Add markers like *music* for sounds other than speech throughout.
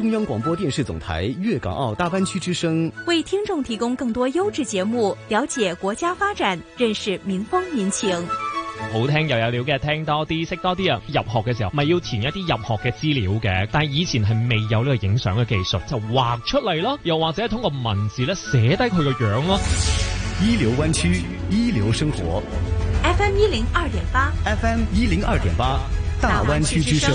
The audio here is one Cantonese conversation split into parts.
中央廣播電視總台粵港澳大灣區之聲爲聽衆提供更多優質節目，了解國家發展，認識民風民情。好聽又有料嘅，聽多啲，識多啲啊！入學嘅時候咪要填一啲入學嘅資料嘅，但係以前係未有呢個影相嘅技術，就畫出嚟咯，又或者通過文字咧寫低佢個樣咯。一流灣區，一流生活。FM 一零二點八，FM 一零二點八，8，大灣區之聲。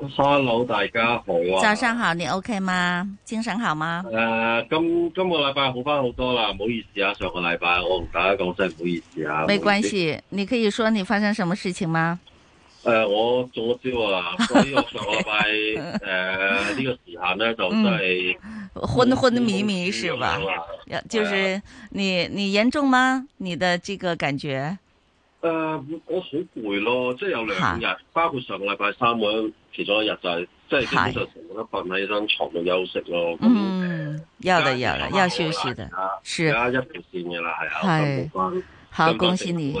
哈嘍，Hello, 大家好啊！早上好，你 OK 嗎？嗯、精神好嗎？呃今今個禮拜好翻好多啦，唔好意思啊，上個禮拜我同大家講，我真係唔好意思啊。沒關係，你可以說你發生什麼事情嗎？呃我中咗招啊，所以上個禮拜 *laughs* 呃呢、這個時間呢就真、是、係、嗯、昏昏迷，迷迷，是吧？啊、就是你你嚴重嗎？你的這個感覺？誒，uh, 我好攰咯，即係有兩日，哈包括上個禮拜三嗰日，其中一日就係、是，即係基本上成日都瞓喺張床度休息咯。嗯，要啦要啦要休息嘅，是而家一條線嘅啦，係啊，咁書、嗯、好，好恭喜你。我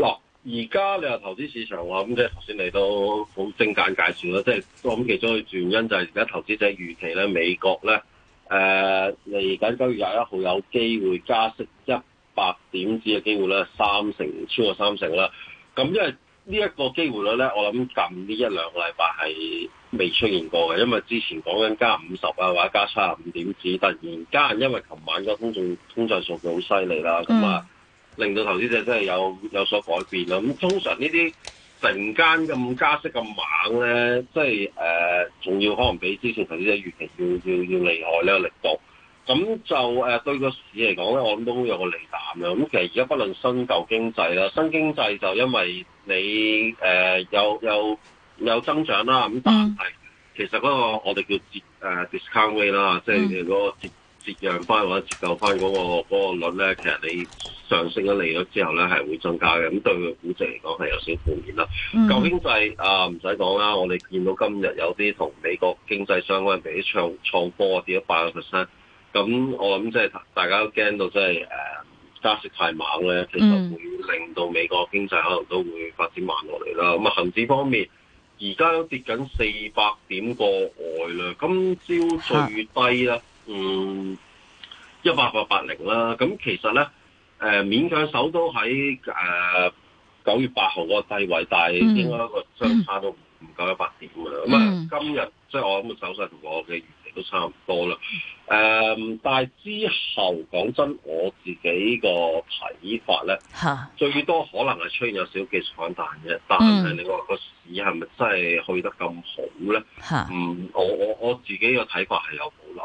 嗱，而家你話投資市場話咁，即係頭先你都好精簡介紹啦。即係我諗其中嘅主要原因就係而家投資者預期咧，美國咧，誒嚟緊九月廿一號有機會加息一百點子嘅機會咧，三成超過三成啦。咁因為呢一個機會率咧，我諗近呢一兩個禮拜係未出現過嘅，因為之前講緊加五十啊，或者加七十五點子，突然間因為琴晚嘅通脹通脹數據好犀利啦，咁啊、嗯、～令到投資者真係有有所改變啦。咁通常呢啲突然間咁加息咁猛咧、就是，即係誒，仲要可能比之前投資者預期要要要厲害呢個力度。咁就誒對個市嚟講咧，我諗都有一個利淡啦。咁其實而家不論新舊經濟啦，新經濟就因為你誒、呃、有有有增長啦，咁但係其實嗰個我哋叫誒 discount rate 啦，即係嗰個。折讓翻或者折扣翻嗰個嗰、嗰個率咧，其實你上升咗利率之後咧，係會增加嘅。咁對個估值嚟講係有少負面啦。舊經濟啊唔使講啦，我哋見到今日有啲同美國經濟相關嘅啲創創波跌咗八個 percent。咁我諗即係大家都驚到、就是，即、呃、係加息太猛咧，其實會令到美國經濟可能都會發展慢落嚟啦。咁啊、嗯，恒指方面而家都跌緊四百點過外啦，今朝最低啦。嗯，一百八八零啦，咁其實咧，誒、呃、勉強守都喺誒九月八號嗰個低位，但係應該個相差都、嗯嗯、就差到唔夠一百點嘅啦。咁今日即係我諗個走勢同我嘅預期都差唔多啦。誒、呃，但係之後講真，我自己個睇法咧，哈最多可能係出現有少技術反彈啫。但係你話個市係咪真係去得咁好咧？哈嗯，我我我自己個睇法係有保留。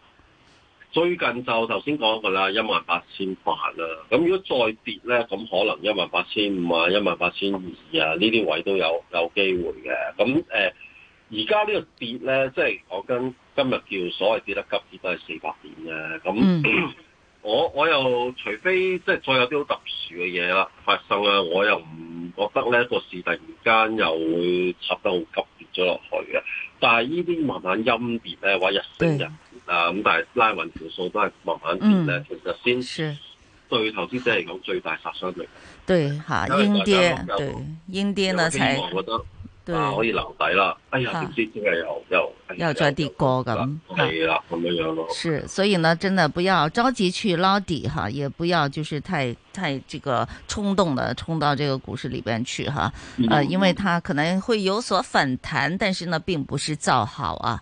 最近就頭先講過啦，一萬八千八啦。咁如果再跌咧，咁可能一萬八千五啊，一萬八千二啊，呢啲位都有有機會嘅。咁誒，而家呢個跌咧，即係講緊今日叫所謂跌得急，跌都係四百年嘅。咁、嗯、我我又除非即係再有啲好特殊嘅嘢啦發生啊，我又唔覺得咧個市突然間又會插得好急跌咗落去嘅。但係呢啲慢慢陰跌咧，話一成日。嗯啊，咁但係拉勻條數都係慢慢變咧，其實先對投資者嚟講最大殺傷力。對，吓英跌，英跌呢才，我覺得對，可以留底啦。哎呀，唔知又又又再跌過咁，係啦，咁樣樣咯。是，所以呢，真的不要着急去撈底哈，也不要就是太太這個衝動的衝到這個股市裏邊去哈。呃，因為它可能會有所反彈，但是呢，並不是造好啊。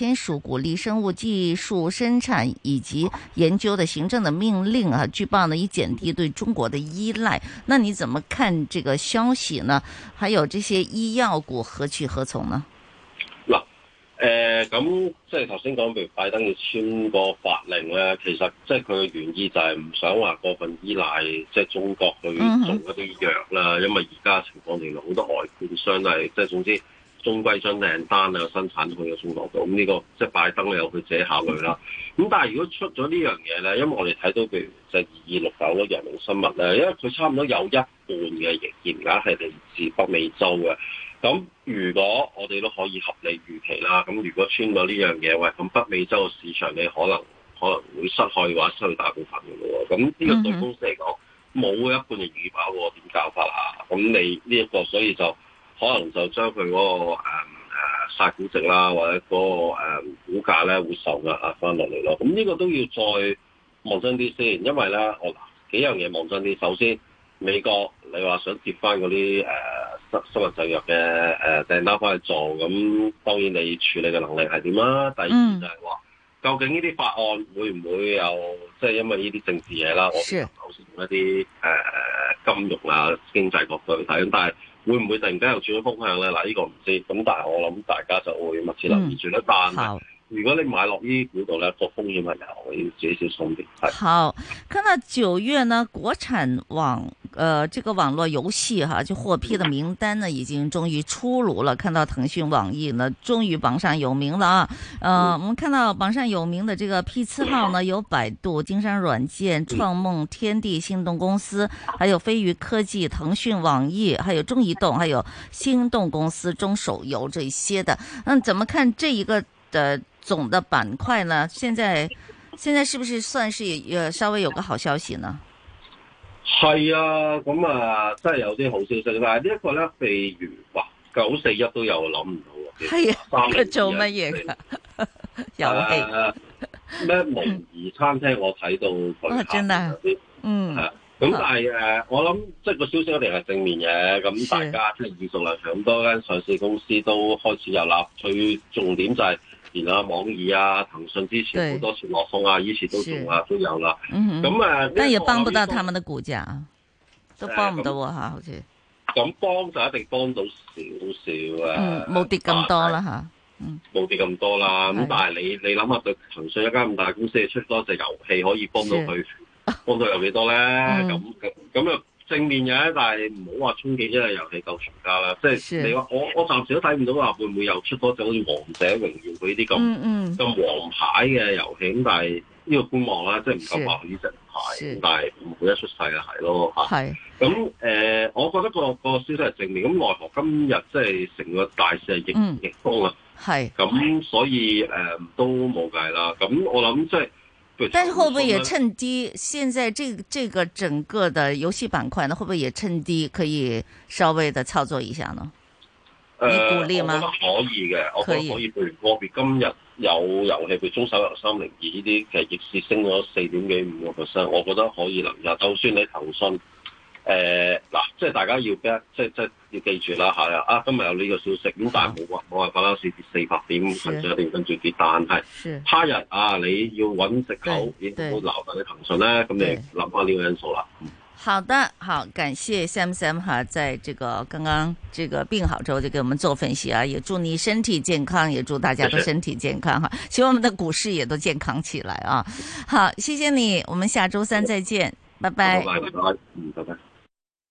簽署鼓勵生物技術生產以及研究的行政的命令啊，據報呢以減低對中國的依賴。那你怎麼看這個消息呢？還有這些醫藥股何去何從呢？嗱、嗯，誒、嗯，咁即係頭先講，譬如拜登要簽個法令咧，其實即係佢嘅原意就係唔想話過分依賴即係中國去做一啲藥啦，因為而家情況嚟講，好多外判商都係即係總之。中貴將訂單啊，生產都可以做得到，咁呢個即、就係、拜登你又去借己考慮啦。咁但係如果出咗呢樣嘢咧，因為我哋睇到譬如就二二六九嘅藥明生物咧，因為佢差唔多有一半嘅營業額係嚟自北美洲嘅。咁如果我哋都可以合理預期啦，咁如果穿咗呢樣嘢，喂，咁北美洲嘅市場你可能可能會失去嘅話，失去大部分嘅咯。咁呢個對公司嚟講冇一半嘅預保喎，點搞法啊？咁你呢一個，所以就。可能就將佢嗰個誒誒、啊啊、殺估值啦，或者嗰、那個誒、啊、股價咧會受壓返翻落嚟咯。咁、啊、呢個都要再望真啲先，因為咧我幾樣嘢望真啲。首先，美國你話想接翻嗰啲誒生生物製藥嘅誒訂單翻去做，咁當然你處理嘅能力係點啦。嗯、第二就係、是、話，究竟呢啲法案會唔會有即係、就是、因為呢啲政治嘢啦？的我首先用一啲誒、啊、金融啊經濟角度去睇，咁但係會唔會突然間又轉咗方向咧？嗱，這個，呢個唔知，咁但係我諗大家就會密切留意住一單。嗯但如果你買落呢股度咧，個風險又我要自己少送啲。好，看到九月呢，國產網呃，這個網絡遊戲哈，就獲批的名單呢，已經終於出爐了。看到騰訊、網易呢，終於榜上有名了啊！呃，我們、嗯、看到榜上有名的這個批次號呢，有百度、金山軟件、創夢天地、心動公司，嗯、還有飛魚科技、騰訊、網易，還有中移動，還有心動公司、中手遊這些的。嗯，怎麼看這一個的？呃總的板塊呢？現在，現在是不是算是，呃，稍微有個好消息呢？係啊，咁啊，真係有啲好消息。但係呢一個咧，譬如話九四一都有，諗唔到、哎、啊。係啊，做乜嘢噶？遊戲咩蒙儀餐廳，我睇到真啦。嗯。咁但係誒，我諗即係個消息一定係正面嘅。咁是大家即係愈做愈強，咁多間上市公司都開始有立。取重點就係、是。而啦，然網易啊，騰訊之前好多次落風啊，對以前都仲啊，是都有啦。咁啊，但係也幫不到他們的股價，都幫唔到啊，嗯、好似像。咁幫就一定幫到少少啊，冇、嗯、跌咁多啦吓，冇是跌咁多啦。咁是但係你你諗下，對騰訊一間咁大公司，你出多隻遊戲可以幫到佢，是幫到佢有幾多咧？咁咁咁又。正面嘅，啊，但係唔好話衝擊一個遊戲夠全家啦。即、就、係、是、是你話我，我暫時都睇唔到話會唔會又出多隻好似《王者榮耀》佢呢啲咁咁黃牌嘅遊戲。咁但係呢個觀望啦，啊，即係唔夠百分之十牌。是是，但係唔會一出世嘅係咯吓。係咁，誒，我覺得，那個，那個消息係正面。咁奈何今日即係成個大市係逆逆風啊。係咁，嗯嗯，所以誒、呃、都冇計啦。咁我諗即係。就是但是會不會也趁低？現在這這個整個的遊戲板塊呢，會不會也趁低可以稍微的操作一下呢？你鼓勵嗎？可以嘅，我覺得可以。譬如個別今日有遊戲譬如中手游三零二呢啲，其實逆市升咗四點幾五個 percent，我覺得可以啦。又就算你騰訊。誒，嗱，呃，即係大家要即即要記住啦吓，啊，今日有呢個消息，咁好但係冇話冇話百拉斯跌四百點，騰訊一定跟住跌但係。他日啊，是你要揾隻狗揾食，點會留住啲騰訊咧？咁你諗返呢個因素啦。好的，好，感謝 Sam Sam 哈，在這個剛剛這個病好之後就給我們做分析啊，也祝你身體健康，也祝大家都身體健康哈，謝謝，希望我們的股市也都健康起來啊。好，謝謝你，我們下周三再見，好拜拜。嗯，拜拜。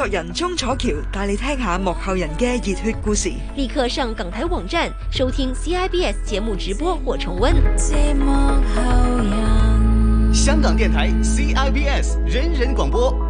作人鍾楚喬帶你聽下幕後人嘅熱血故事，立刻上港台網站收聽 CIBS 節目直播或重溫。香港電台 CIBS 人人廣播。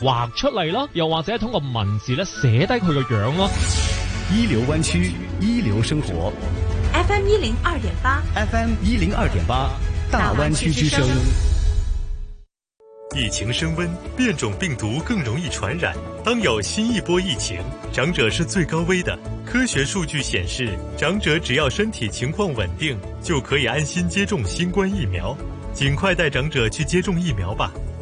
畫出嚟咯，又或者通過文字咧寫低佢個樣咯。一流灣區，一流生活。F M 一零二點八，F M 一零二點八，大灣區之聲。疫情升温，變種病毒更容易傳染。當有新一波疫情，長者是最高危的。科學數據顯示，長者只要身體情況穩定，就可以安心接種新冠疫苗。盡快帶長者去接種疫苗吧。